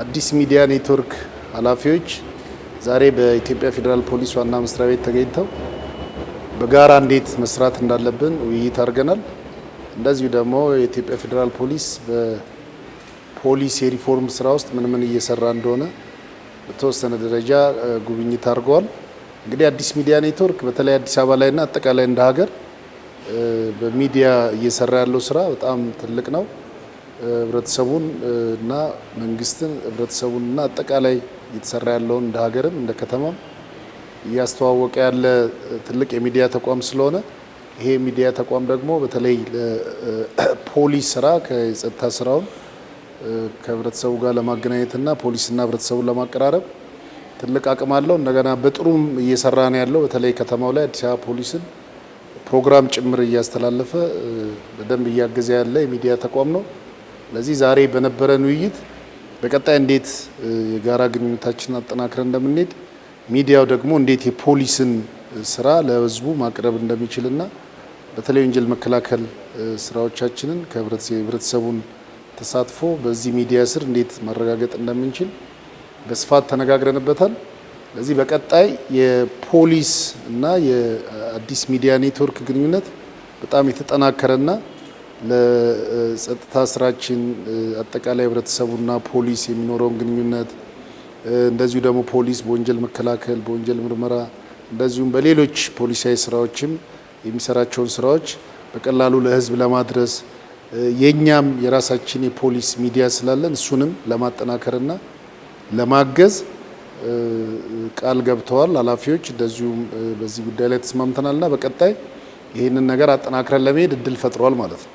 አዲስ ሚዲያ ኔትወርክ ኃላፊዎች ዛሬ በኢትዮጵያ ፌዴራል ፖሊስ ዋና መስሪያ ቤት ተገኝተው በጋራ እንዴት መስራት እንዳለብን ውይይት አድርገናል። እንደዚሁ ደግሞ የኢትዮጵያ ፌዴራል ፖሊስ በፖሊስ የሪፎርም ስራ ውስጥ ምን ምን እየሰራ እንደሆነ በተወሰነ ደረጃ ጉብኝት አድርገዋል። እንግዲህ አዲስ ሚዲያ ኔትወርክ በተለይ አዲስ አበባ ላይና አጠቃላይ እንደ ሀገር በሚዲያ እየሰራ ያለው ስራ በጣም ትልቅ ነው። ህብረተሰቡን እና መንግስትን ህብረተሰቡን እና አጠቃላይ እየተሰራ ያለውን እንደ ሀገርም እንደ ከተማም እያስተዋወቀ ያለ ትልቅ የሚዲያ ተቋም ስለሆነ ይሄ የሚዲያ ተቋም ደግሞ በተለይ ለፖሊስ ስራ ከጸጥታ ስራውን ከህብረተሰቡ ጋር ለማገናኘትና ፖሊስና ህብረተሰቡን ለማቀራረብ ትልቅ አቅም አለው። እንደገና በጥሩም እየሰራ ነው ያለው። በተለይ ከተማው ላይ አዲስ አበባ ፖሊስን ፕሮግራም ጭምር እያስተላለፈ በደንብ እያገዘ ያለ የሚዲያ ተቋም ነው። ለዚህ ዛሬ በነበረን ውይይት በቀጣይ እንዴት የጋራ ግንኙነታችንን አጠናክረን እንደምንሄድ ሚዲያው ደግሞ እንዴት የፖሊስን ስራ ለህዝቡ ማቅረብ እንደሚችልና በተለይ ወንጀል መከላከል ስራዎቻችንን ከህብረተሰቡን ተሳትፎ በዚህ ሚዲያ ስር እንዴት ማረጋገጥ እንደምንችል በስፋት ተነጋግረንበታል። ለዚህ በቀጣይ የፖሊስ እና የአዲስ ሚዲያ ኔትወርክ ግንኙነት በጣም የተጠናከረና ለጸጥታ ስራችን አጠቃላይ ህብረተሰቡና ፖሊስ የሚኖረውን ግንኙነት እንደዚሁ ደግሞ ፖሊስ በወንጀል መከላከል፣ በወንጀል ምርመራ እንደዚሁም በሌሎች ፖሊሳዊ ስራዎችም የሚሰራቸውን ስራዎች በቀላሉ ለህዝብ ለማድረስ የእኛም የራሳችን የፖሊስ ሚዲያ ስላለን እሱንም ለማጠናከርና ለማገዝ ቃል ገብተዋል ኃላፊዎች። እንደዚሁም በዚህ ጉዳይ ላይ ተስማምተናልና በቀጣይ ይህንን ነገር አጠናክረን ለመሄድ እድል ፈጥሯል ማለት ነው።